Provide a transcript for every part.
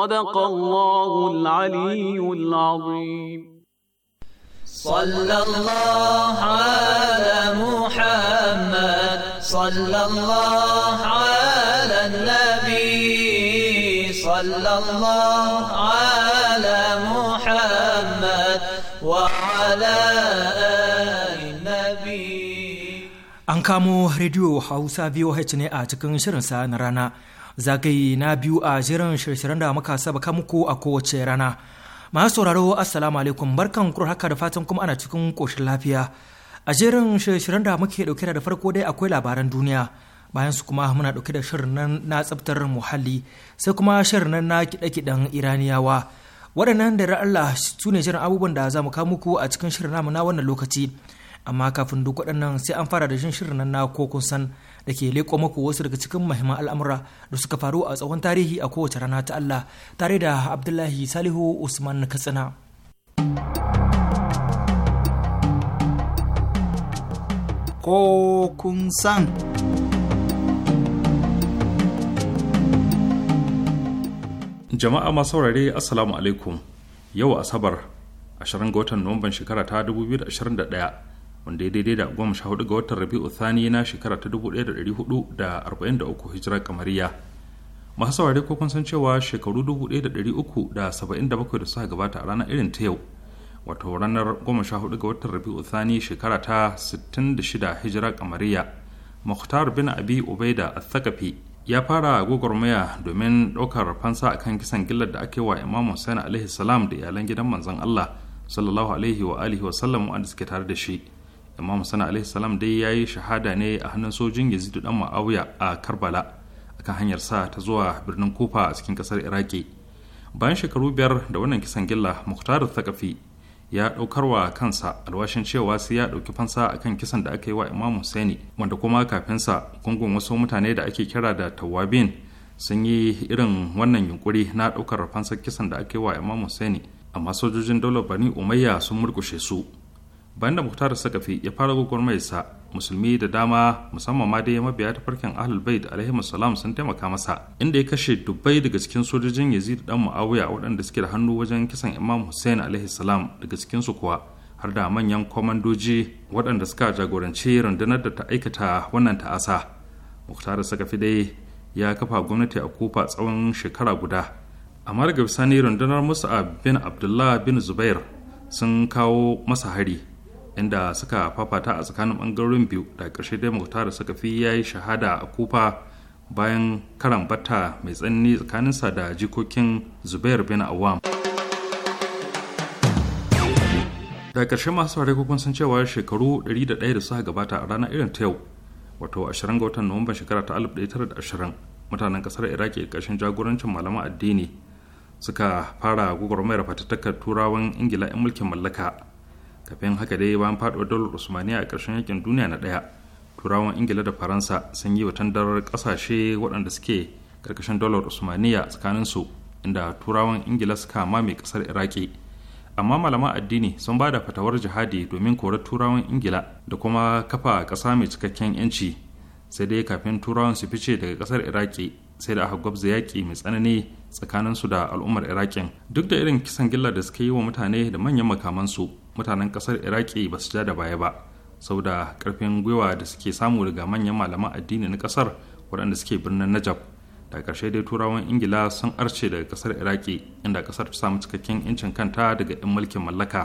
صدق الله العلي العظيم صلى الله على محمد صلى الله على النبي صلى الله على محمد وعلى آل النبي An kamo rediyo Hausa VOH ne a cikin shirinsa na rana zagaye na biyu a jiran shirye-shiryen da muka saba muku a kowace rana. Masu sauraro assalamu alaikum barkan kur haka da fatan kuma ana cikin koshin lafiya. A jerin shirye-shiryen da muke dauke da farko dai akwai labaran duniya. Bayan su kuma muna dauke da shirin na tsabtar muhalli sai kuma shirin nan na kiɗe-kiɗen Iraniyawa. Waɗannan da Allah su ne jiran abubuwan da za mu kawo muku a cikin shirin namu na wannan lokaci. Amma kafin duk waɗannan sai an fara da shirin nan ko kokun san da ke leƙo maku wasu daga cikin mahimman al'amura da suka faru a tsawon tarihi a kowace rana ta Allah tare da Abdullahi Salihu Usman Katsina. Ko kun san. Jama'a masu saurare Assalamu alaikum yau Asabar 20 ga watan Nuwamban shekara ta 2021 wanda ya daidai da goma sha hudu ga watan rabi'u thani na shekara ta dubu ɗaya da ɗari hudu da arba'in da uku hijira kamariya masu saurari ko kun san cewa shekaru dubu ɗaya da ɗari uku da saba'in da bakwai da suka gabata a ranar irin ta yau wato ranar goma sha hudu ga watan rabi'u thani shekara ta sittin da shida hijira kamariya muhtar bin abi ubaida athakafi ya fara gwagwarmaya domin ɗaukar fansa akan kisan gillar da ake wa imam hussein alaihi salam da iyalan gidan manzon allah sallallahu alaihi wa alihi wa sallam wanda suke tare da shi imam sana alaihi salam dai ya yi shahada ne a hannun sojin yazidu dan ma'auya a karbala akan hanyar sa ta zuwa birnin kufa a cikin kasar iraki bayan shekaru biyar da wannan kisan gilla muhtar thaqafi ya daukar wa kansa alwashin cewa sai ya dauki fansa akan kisan da aka yi wa imam sani wanda kuma kafin sa gungun wasu mutane da ake kira da tawabin sun yi irin wannan yunkuri na ɗaukar fansar kisan da aka yi wa imam sani amma sojojin daular bani umayya sun murkushe su bayan da muhtar sakafi ya fara gwagwarmayarsa musulmi da dama musamman ma dai mabiya ta farkin ahlul bait alaihi salam sun taimaka masa inda ya kashe dubbai daga cikin sojojin yazid dan muawiya waɗanda suke da hannu wajen kisan imam hussein alaihi salam daga cikin su kuwa har da manyan komandoji waɗanda suka jagoranci rundunar da ta aikata wannan ta'asa muhtar sakafi dai ya kafa gwamnati a kufa tsawon shekara guda amma daga bisani rundunar musa bin abdullah bin zubair sun kawo masa hari inda suka fafata a tsakanin bangarorin biyu da ƙarshe dai da suka fi yayi shahada a kufa bayan karan bata mai tsanani tsakaninsa da jikokin zubair bin awam da ƙarshe masu saurari kun san cewa shekaru 101 da suka gabata a ranar irin ta yau wato 20 ga watan nuwamban shekara ta 1920 mutanen ƙasar iraki ƙarshen jagorancin malaman addini suka fara gugurmayar fatattakar turawan ingila 'yan mulkin mallaka kafin haka dai bayan faduwar daular usmaniya a ƙarshen yakin duniya na ɗaya turawan ingila da faransa sun yi wa tandarar ƙasashe waɗanda suke ƙarƙashin daular usmaniya su inda turawan ingila suka mame ƙasar iraki amma malaman addini sun ba da fatawar jihadi domin korar turawan ingila da kuma kafa ƙasa mai cikakken yanci sai dai kafin turawan su fice daga ƙasar iraki sai da aka gwabza yaƙi mai tsanani tsakanin su da al'ummar iraƙin duk da irin kisan gilla da suka yi wa mutane da manyan makamansu mutanen kasar iraki ba su ja da baya ba saboda karfin gwiwa da suke samu daga manyan malaman addini na kasar waɗanda suke birnin najab da ƙarshe dai turawan ingila sun arce daga kasar iraki inda kasar ta samu cikakken 'yancin kanta daga 'yan mulkin mallaka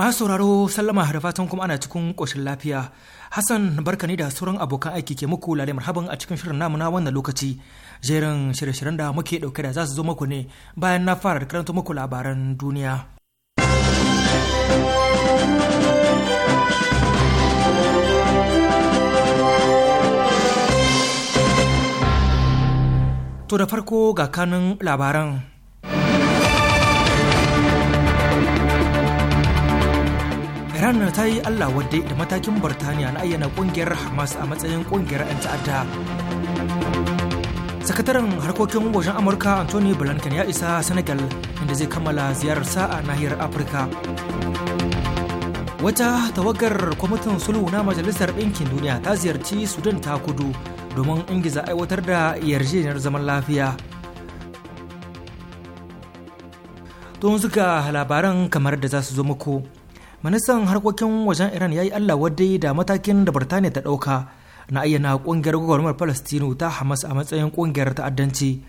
masu sauraro sallama da fatan kuma ana cikin ƙoshin lafiya hassan barka ne da sauran abokan aiki ke muku lalai marhaban a cikin shirin namu na wannan lokaci jerin shirye-shiryen da muke ɗauke da za su zo muku ne bayan na fara karanta muku labaran duniya To da farko ga kanun labaran iran ta yi allah wadda da matakin birtaniya na ayyana kungiyar hamas a matsayin kungiyar 'yan ta'adda sakataren harkokin wajen amurka anthony blinken ya isa senegal inda zai kammala ziyararsa a nahiyar afirka wata tawagar kwamitin sulhu na majalisar ɗinkin duniya ta ziyarci sudan ta kudu domin ingiza aiwatar da yarjejeniyar zaman lafiya don suka labaran kamar da za su zo muku ministan harkokin wajen iran ya yi allah wadai da matakin da birtaniya ta ɗauka na ayyana ƙungiyar gwamnatin palestino ta hamas a matsayin ƙungiyar ta'addanci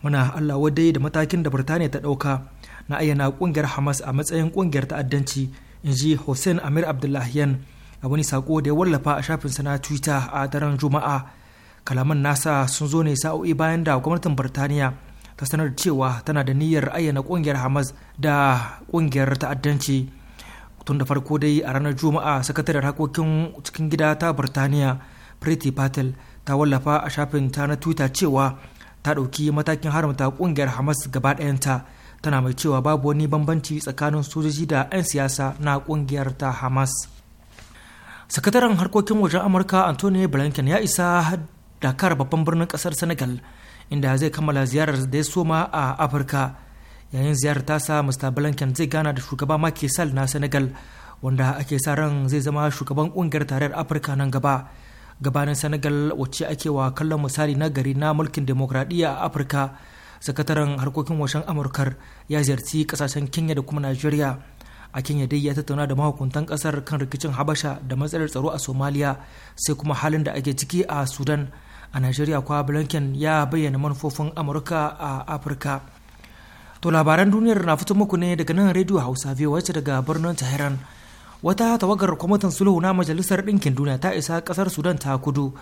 muna allah wadai da matakin da birtaniya ta ɗauka na ayyana ƙungiyar hamas a matsayin ƙungiyar ta'addanci in ji hussein amir abdullahiyan a wani sako da ya wallafa a shafinsa na twitter a daren juma'a kalaman nasa sun zo ne sa'o'i bayan da gwamnatin birtaniya ta sanar cewa tana da niyyar ayyana ƙungiyar hamas da ƙungiyar ta'addanci tun da farko dai a ranar juma'a sakataren harkokin cikin gida ta birtaniya priti patel ta wallafa a shafin ta na twitter cewa ta ɗauki matakin haramta ƙungiyar hamas gaba ɗayanta tana mai cewa babu wani bambanci tsakanin sojoji da 'yan siyasa na ƙungiyar ta hamas sakataren harkokin wajen amurka anthony blinken ya isa dakar babban birnin kasar senegal inda zai kammala ziyarar da ya soma a afirka yayin ziyarar sa mr blinken zai gana da shugaba Macky Sall na senegal wanda ake sa ran zai zama shugaban kungiyar tarayyar afirka nan gaba gabanin senegal wacce ake wa kallon misali na gari na mulkin demokradiyya a afirka sakataren harkokin washen amurkar ya ziyarci kasashen kenya da kuma nigeria a kenya dai ya tattauna da mahukuntan kasar kan rikicin habasha da matsalar tsaro a somaliya sai kuma halin da ake ciki a sudan a nigeria kwa blinken ya bayyana manufofin amurka a afirka To labaran duniyar na fito muku ne daga nan Radio Hausa wacce daga birnin Tehran. Wata tawagar kwamitin sulhu na Majalisar Ɗinkin Duniya ta isa ƙasar Sudan ta kudu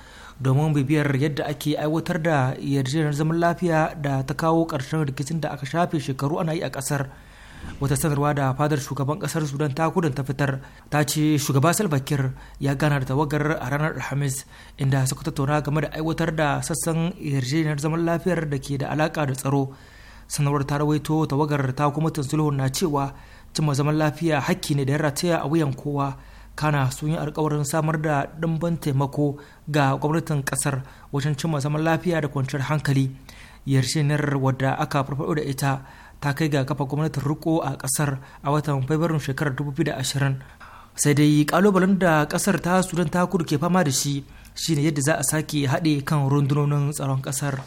domin bibiyar yadda ake aiwatar da yarjejeniyar zaman lafiya da ta kawo ƙarshen rikicin da aka shafe shekaru ana yi a ƙasar. Wata sanarwa da fadar shugaban ƙasar Sudan ta kudu ta fitar ta ce shugaba Salva ya gana da tawagar a ranar Alhamis inda suka tattauna game da aiwatar da sassan yarjejeniyar zaman lafiyar da ke da alaƙa da tsaro. sanarwar ta rawaito tawagar ta kwamitin sulhun na cewa cimma zaman lafiya hakki ne da ya rataya a wuyan kowa kana sun yi alkawarin samar da ɗimban taimako ga gwamnatin ƙasar wajen cimma zaman lafiya da kwanciyar hankali yarjejeniyar wadda aka farfaɗo da ita ta kai ga kafa gwamnatin riko a ƙasar a watan fabrairun shekarar 2020 sai dai kalubalen da ƙasar ta sudan ta kudu ke fama da shi shine yadda za a sake haɗe kan rundunonin tsaron ƙasar.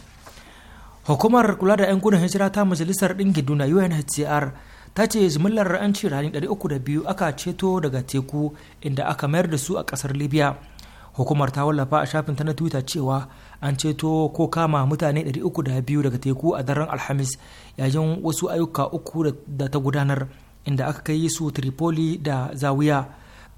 hukumar kula da 'yan gudun hijira ta majalisar ɗinkin duna unhcr ta ce jimillar 'yan rani 302 aka ceto daga teku inda aka mayar da su a ƙasar libya hukumar ta wallafa a shafin ta na twitter cewa an ceto ko kama mutane 302 daga teku a daren alhamis yayin wasu ayyuka uku da ta gudanar inda aka kai su tripoli da zawiya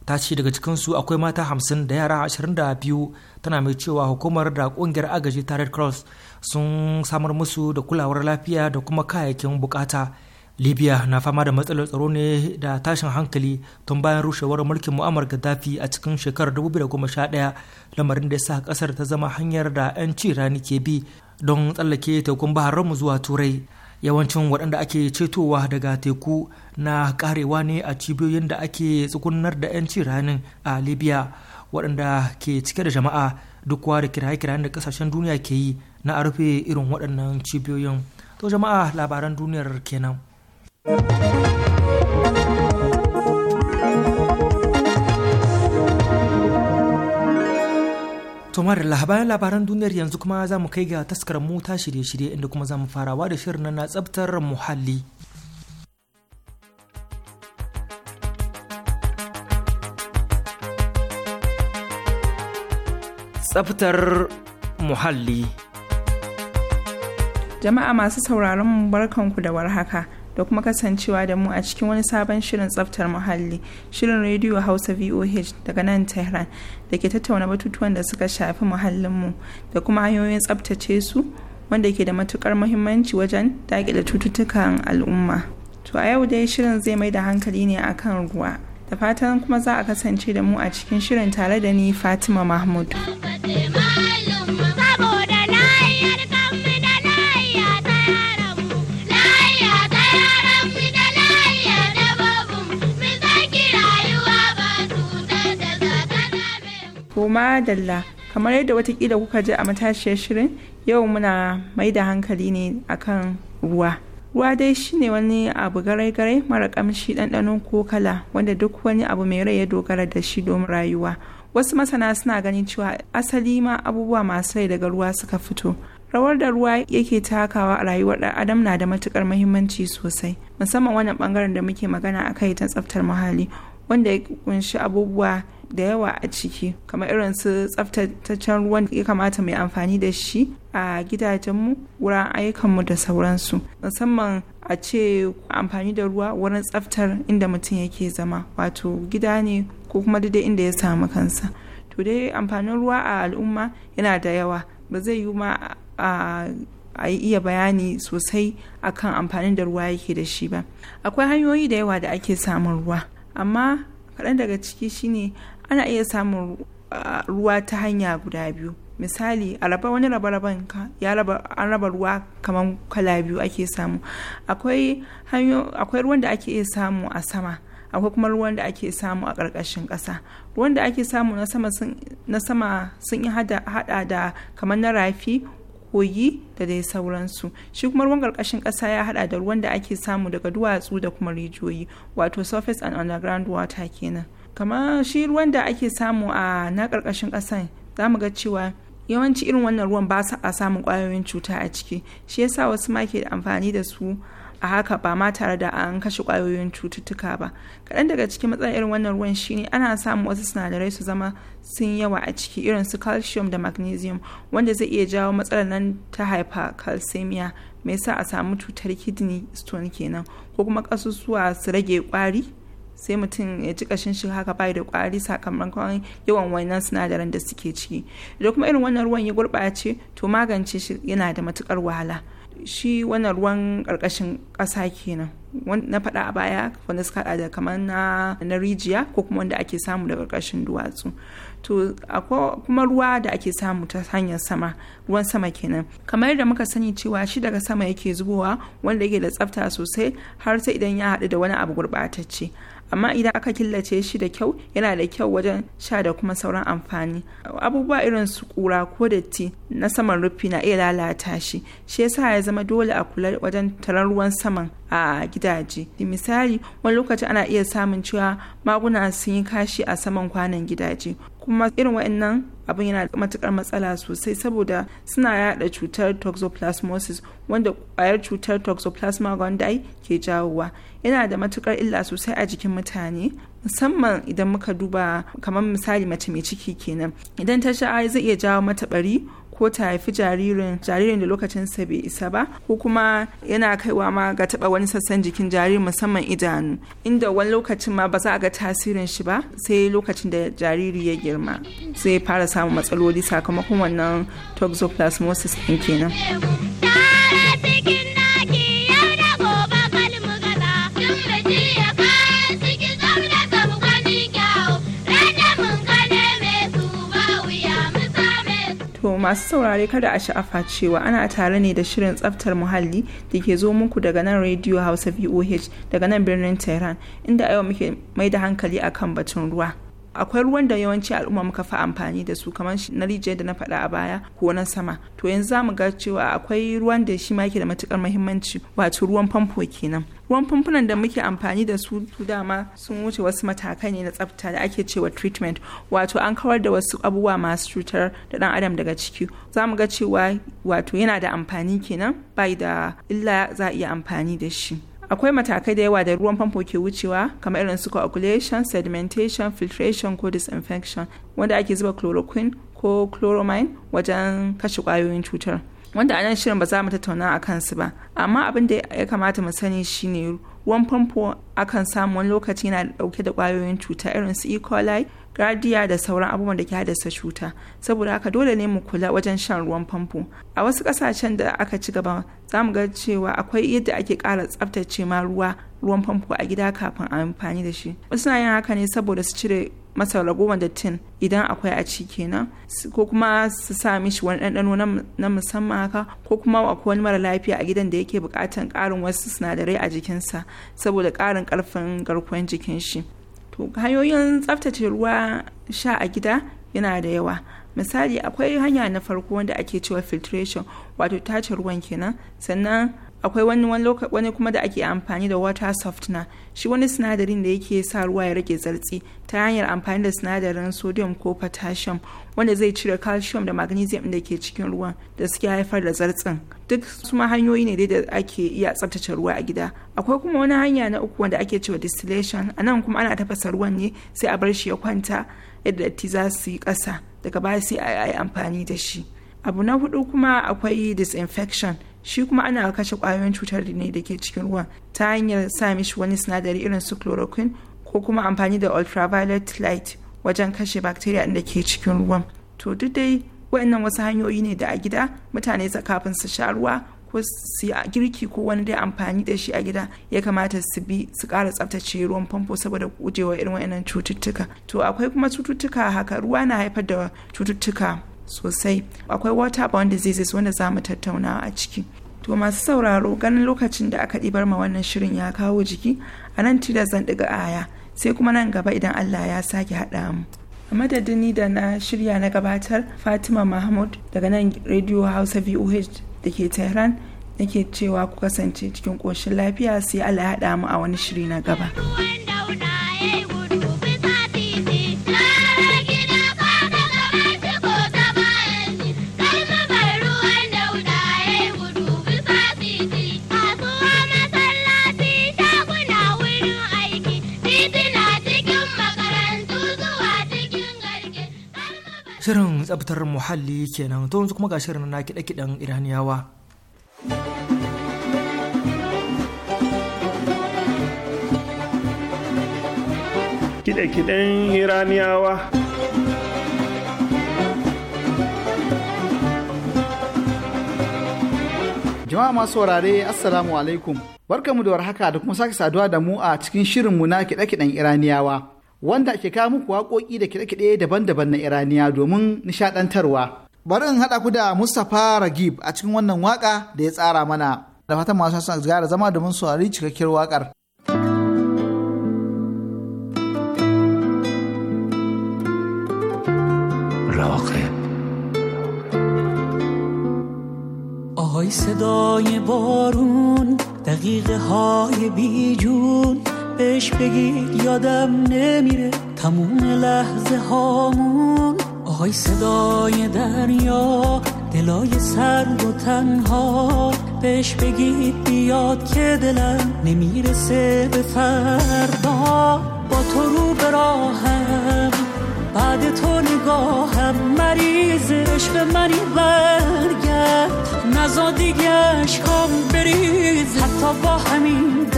ta ce daga cikinsu akwai mata hamsin da yara ashirin da biyu tana mai cewa hukumar da kungiyar agaji ta red cross sun samar musu da kulawar lafiya da kuma kayayyakin bukata libya na fama da matsalar tsaro ne da tashin hankali tun bayan rushewar mulkin mu'ammar gaddafi a cikin shekarar 2011 lamarin da ya sa kasar ta zama hanyar da 'yan ci rani ke bi don tsallake tekun bahararmu zuwa turai yawancin waɗanda ake cetowa daga teku na karewa ne a cibiyoyin da ake tsugunar da 'yanci ranin a libya waɗanda ke cike da jama'a duk da kiraye-kirayen da kasashen duniya ke yi na a rufe irin waɗannan cibiyoyin to jama'a labaran duniyar kenan. Tomar labaran labaran duniyar yanzu kuma za mu kai ga taskar mota shirye-shirye inda kuma za mu farawa da shirin na tsabtar muhalli. Tsabtar muhalli. Jama'a masu sauraron barkanku da warhaka. haka. da kuma kasancewa da mu a cikin wani sabon shirin tsaftar muhalli shirin rediyo hausa voh daga nan tehran da ke tattauna batutuwan da suka shafi muhallinmu da kuma hanyoyin tsaftace su wanda ke da matukar muhimmanci wajen daƙile cututtukan al'umma to a yau dai shirin zai mai da hankali ne akan ruwa da fatan kuma za a kasance da mu a cikin shirin tare da ni fatima mahmud dalla kamar yadda watakila kuka ji a matashiyar shirin yau muna mai da hankali ne akan ruwa ruwa dai shine wani abu garai-garai mara kamshi ɗanɗano ko kala wanda duk wani abu mai rai ya dogara da shi domin rayuwa wasu masana suna ganin cewa asali ma abubuwa masu rai daga ruwa suka fito rawar da ruwa yake takawa a rayuwar ɗan adam na da matukar mahimmanci sosai musamman wannan bangaren da muke magana akai ta tsaftar muhalli wanda ya kunshi abubuwa da yawa a ciki kamar irin su tsaftataccen ruwan ya kamata mai amfani da shi a gidajenmu wurin ayyukanmu da sauransu musamman a ce amfani da ruwa wurin tsaftar inda mutum yake zama wato gida ne ko kuma daidai inda ya samu kansa to dai amfanin ruwa a al'umma yana da yawa ba zai yi ma a iya bayani sosai akan amfanin da ruwa yake da shi ba akwai hanyoyi da yawa da ake samun ruwa amma kaɗan daga ciki shine ana iya samun ah, ruwa ta hanya guda biyu misali a raba wani raba-raban ya raba an raba ruwa kamar kala biyu ake samu akwai akwai ruwan da ake iya samu a sama akwai kuma ruwan da ake samu a ƙarƙashin ƙasa ruwan da ake samu na sama sun yi hada da kamar na rafi kogi da dai sauransu shi kuma ruwan ƙarƙashin ƙasa ya hada da ruwan da ake samu daga duwatsu da kuma rijiyoyi wato surface and underground water kenan kamar shi ruwan da ake samu a na karkashin ƙasan za mu ga cewa yawanci irin wannan ruwan ba a samun kwayoyin cuta a ciki shi yasa wasu ma ke amfani da su a haka ba ma tare da an kashe kwayoyin cututtuka ba kaɗan daga cikin matsalar irin wannan ruwan shine ana samun wasu sinadarai su zama sun yawa a ciki irin su calcium da magnesium wanda zai iya jawo matsalar nan ta hypercalcemia mai sa a samu cutar kidney stone kenan ko kuma ƙasusuwa su rage kwari. sai mutum ya ji kashin shi haka bai da kwari sakamakon yawan wannan sinadaran da suke ciki da kuma irin wannan ruwan ya gurɓace to magance shi yana da matukar wahala shi wannan ruwan karkashin ƙasa kenan na faɗa a baya wanda suka haɗa da kamar na rijiya ko kuma wanda ake samu da karkashin duwatsu to akwai kuma ruwa da ake samu ta hanyar sama ruwan sama kenan kamar yadda muka sani cewa shi daga sama yake zubowa wanda yake da tsafta sosai har sai idan ya haɗu da wani abu gurɓatacce amma idan aka killace shi da kyau yana da kyau wajen sha da kuma sauran amfani abubuwa irin su kura ko datti na saman rufi na iya lalata shi shi yasa ya zama dole a kula wajen tarar ruwan saman a gidaje misali wani lokaci ana iya samun cewa maguna sun yi kashi a saman kwanan gidaje kuma irin wa'annan abin yana da matukar matsala sosai saboda suna yada cutar toxoplasmosis wanda kwayar cutar toxoplasma gondii ke jawowa yana da matukar illa sosai a jikin mutane musamman idan muka duba kamar misali mace mai ciki kenan idan ta sha zai iya jawo mata bari ko ta haifi jaririn jaririn da lokacinsa bai isa ba ko kuma yana kaiwa ma ga taba wani sassan jikin jaririn musamman idanu inda wani lokacin ma ba za a ga tasirin shi ba sai lokacin da jariri ya girma sai fara samun matsaloli sakamakon wannan toxoplasmosis ɗin kenan. masu saurare kada a sha'afa cewa ana tare ne da shirin tsaftar muhalli da ke zo muku daga nan rediyo hausa voh daga nan birnin tehran inda a yau muke mai da hankali a kan batun ruwa akwai ruwan da yawanci al'umma muka fi amfani da su kamar na rijiyar da na faɗa a baya ko na sama to yanzu za mu ga cewa akwai ruwan da shi ma yake da matukar muhimmanci wato ruwan famfo kenan ruwan famfunan da muke amfani da su dama sun wuce wasu matakai ne na tsafta da ake cewa treatment wato an kawar da wasu abubuwa masu cutar da dan adam daga ciki za mu ga cewa wato yana da amfani kenan bai da illa za a iya amfani da shi akwai matakai da yawa da ruwan famfo ke wucewa kamar irin su coagulation sedimentation filtration ko disinfection wanda ake zuba chloroquine ko chloramine wajen kashe kwayoyin cutar wanda anan nan shirin ba za mu tattauna a kansu ba amma abin da ya kamata mu sani shine ruwan famfo akan samu wani lokaci yana dauke da kwayoyin cuta irin su e. coli gardiya da sauran abubuwan da ke haddasa cuta saboda haka dole ne mu kula wajen shan ruwan famfo a wasu kasashen da aka ci gaba za mu ga cewa akwai yadda ake kara tsaftace ma ruwa ruwan famfo a gida kafin a amfani da shi wasu na yin haka ne saboda su cire masa ragowar dattin idan akwai a ci kenan ko kuma su sa mishi wani ɗanɗano na musamman haka ko kuma akwai wani mara lafiya a gidan da yake bukatan ƙarin wasu sinadarai a jikinsa saboda karin karfin garkuwar jikin shi to hanyoyin tsaftace ruwa sha a gida yana da yawa misali akwai hanya na farko wanda ake cewa filtration wato tace ruwan kenan sannan akwai wani wani kuma da ake amfani da water softener shi wani sinadarin da yake sa ruwa ya rage zartsi ta hanyar amfani da sinadarin sodium ko potassium wanda zai cire calcium da magnesium da ke cikin ruwan da suke haifar da zartsin duk su ma hanyoyi ne da ake iya tsaftace ruwa a gida akwai kuma wani hanya na uku wanda ake cewa distillation a nan kuma ana tafasa ruwan ne sai a bar shi ya kwanta yadda datti za su yi kasa daga baya sai a yi amfani da shi abu na hudu kuma akwai disinfection shi kuma ana kashe kwayoyin cutar ne da ke cikin ruwa ta hanyar sa mishi wani sinadari irin su chloroquine ko kuma amfani da ultraviolet light wajen kashe bacteria da ke cikin ruwa to duk dai wa'annan wasu hanyoyi ne da a gida mutane su kafin su sha ruwa ko su yi girki ko wani dai amfani da shi a gida ya kamata su bi su ƙara tsaftace ruwan famfo saboda gujewa irin wayannan cututtuka to akwai kuma cututtuka haka ruwa na haifar da cututtuka sosai akwai waterborne diseases wanda za mu tattauna a ciki to masu sauraro ganin lokacin da aka ɗibar ma wannan shirin ya kawo jiki a nan tilas zan ɗiga aya sai kuma nan gaba idan allah ya sake haɗa mu a madadini da na shirya na gabatar fatima mahmud daga nan radio hausa voh da ke tehran nake cewa ku kasance cikin ƙoshin lafiya sai allah ya haɗa mu a wani shiri na gaba. Shirin tsabtar muhalli kenan to yanzu kuma ga shirin na kiɗe-kiɗen Iraniyawa. Kiɗe-kiɗen Iraniyawa. Jama'a masu saurare Assalamu alaikum. Barkamu da warhaka da kuma sake saduwa da mu a cikin shirin mu na kiɗe-kiɗen Iraniyawa. wanda ke kawo muku waƙoƙi da kiɗe-kiɗe daban-daban na iraniya domin nishaɗantarwa bari in haɗa ku da mustapha ragib a cikin wannan waƙa da ya tsara mana da fatan masu son gara zama domin saurari cikakkiyar waƙar صدای بارون دقیقه های جون بهش بگید یادم نمیره تموم لحظه هامون آهای صدای دریا دلای سرد و تنها بهش بگید بیاد که دلم نمیرسه به فردا با تو رو براهم بعد تو نگاهم مریض عشق منی برگرد نزا دیگه اشکام بریز حتی با همین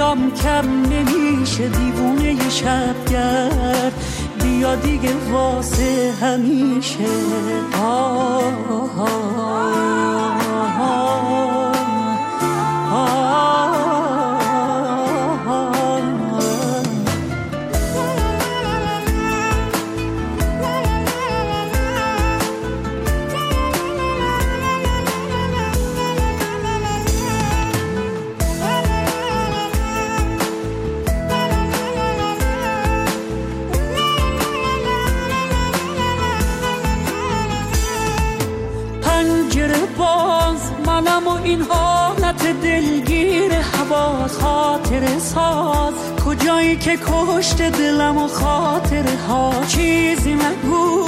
بیام کم نمیشه دیوونه گرد بیا دیگه واسه همیشه آه آه آه این حالت دلگیر حواس خاطر ساز کجایی که کشت دلم و خاطر ها چیزی نگو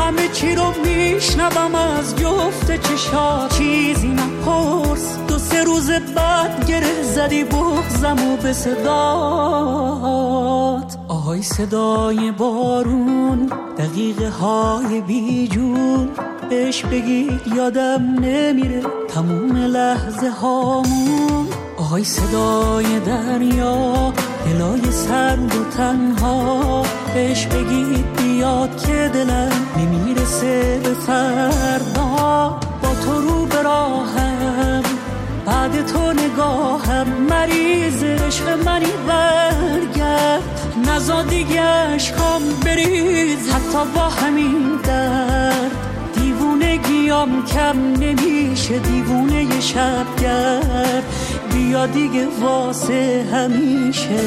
همه چی رو میشنوم از جفت چشا چیزی نپرس دو سه روز بعد گره زدی بغزم و به صدات آهای صدای بارون دقیقه های بیجون بهش بگید یادم نمیره تموم لحظه هامون آهای صدای دریا دلای سرد و تنها بهش بگید بیاد که دلم نمیرسه به فردا با تو رو براهم بعد تو نگاهم مریض عشق منی برگرد نزا دیگه عشقام بریز حتی با همین درد میام کم نمیشه دیوونه شب گرد بیا دیگه واسه همیشه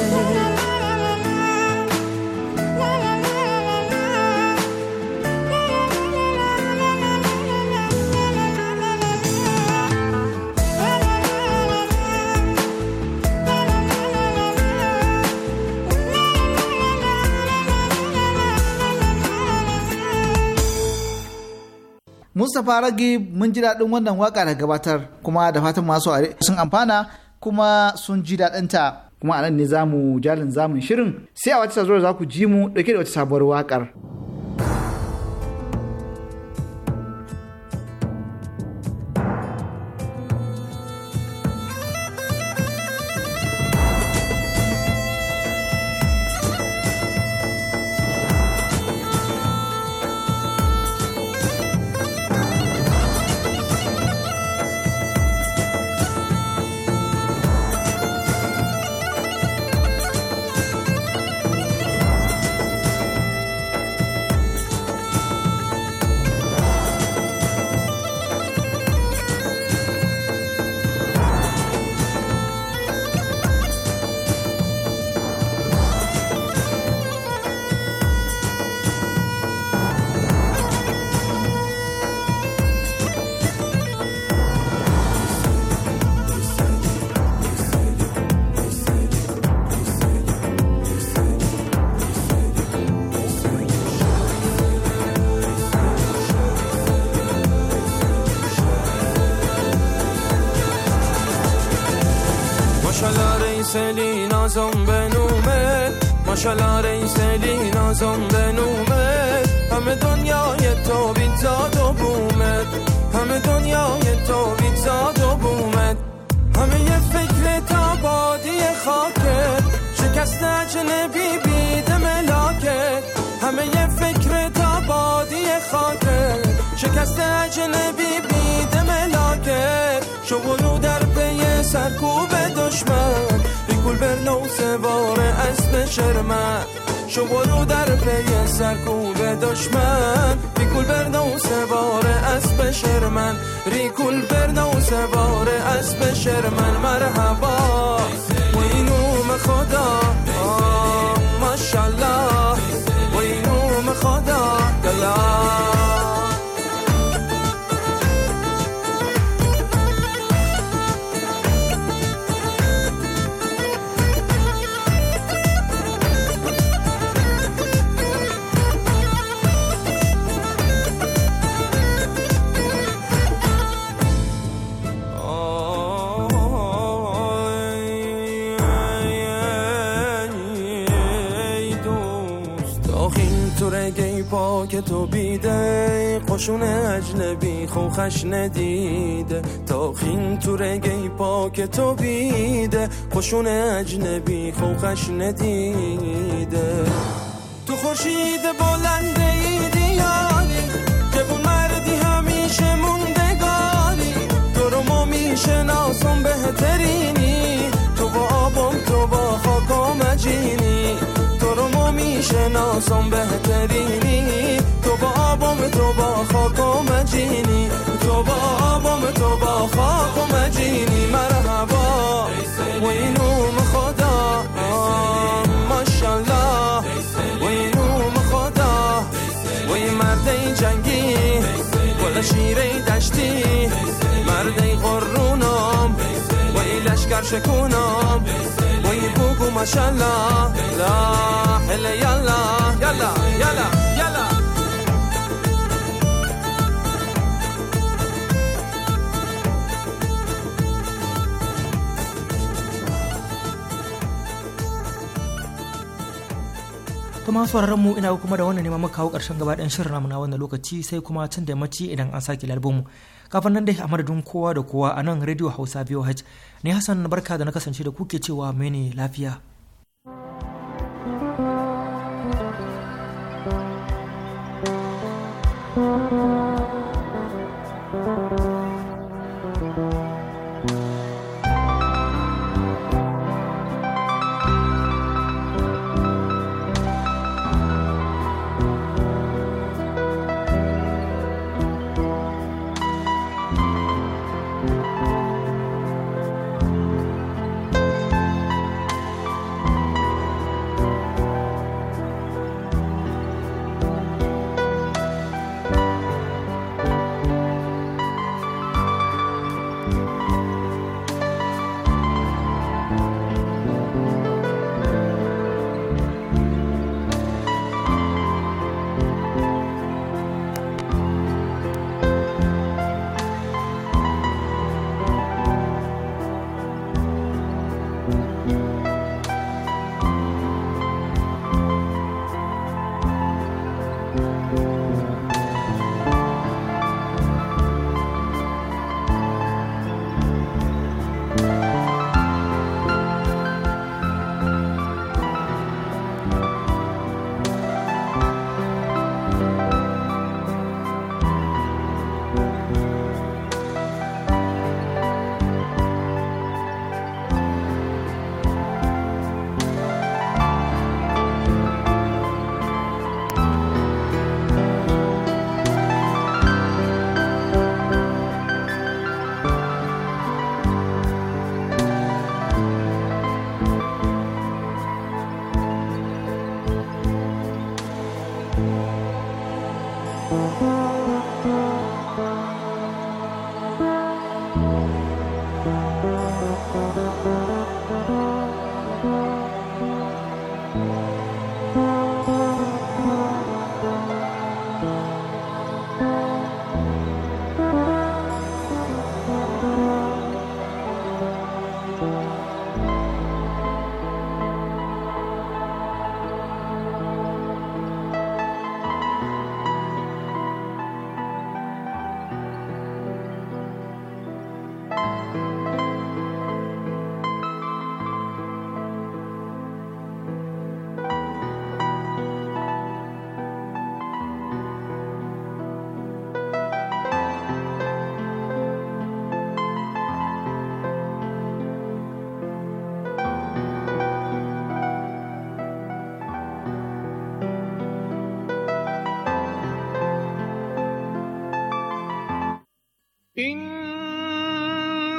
Mustapha Ragi mun ji daɗin wannan waka da gabatar kuma da fatan masu sun amfana kuma sun ji daɗinta kuma anan ne zamu jalin zamun shirin sai a wata sazuwar za ku ji mu ɗauke da wata sabuwar waƙar. نومت همه دنیای تو بیزاد و بومت همه دنیای تو بیزاد و بومت همه یه فکر تبادی خاکت شکست بی بید ملاکت همه یه فکر تبادی خاکت شکست بی بید ملاکت شغلو در پی سرکوب دشمن گل برنو سوار اسم شرمت. چو برو در پی سرکوب دشمن ریکول و سوار اسب شرمن ریکول و سوار اسب شرمن مرحبا و اینوم خدا که تو بیده قشون اجنبی خوخش ندیده تا خین تو رگی پا که تو بیده قشون اجنبی خوخش ندیده تو خوشید بلنده ای که جبون مردی همیشه موندگانی تو رو ما میشناسم بهترینی تو با آبم تو با خاکم اجینی شناسم بهترینی تو با آبم تو با خاک و مجینی تو با آبم تو با خاک و مجینی مرحبا و اینوم خدا ماشالله و اینوم خدا و این مرد جنگی گل شیره دشتی مرد قرونم و این لشکر شکونم ما شاء الله لا حلو يلا يلا يلا, يلا ma sauraron mu ina kuma da wannan neman muka kawo ƙarshen gaba ɗan shirin namu na wannan lokaci sai kuma can da mace idan an sake mu kafin nan dai a madadin kowa da kowa a nan radio hausa voh ne hassan barka da na kasance da kuke cewa mene lafiya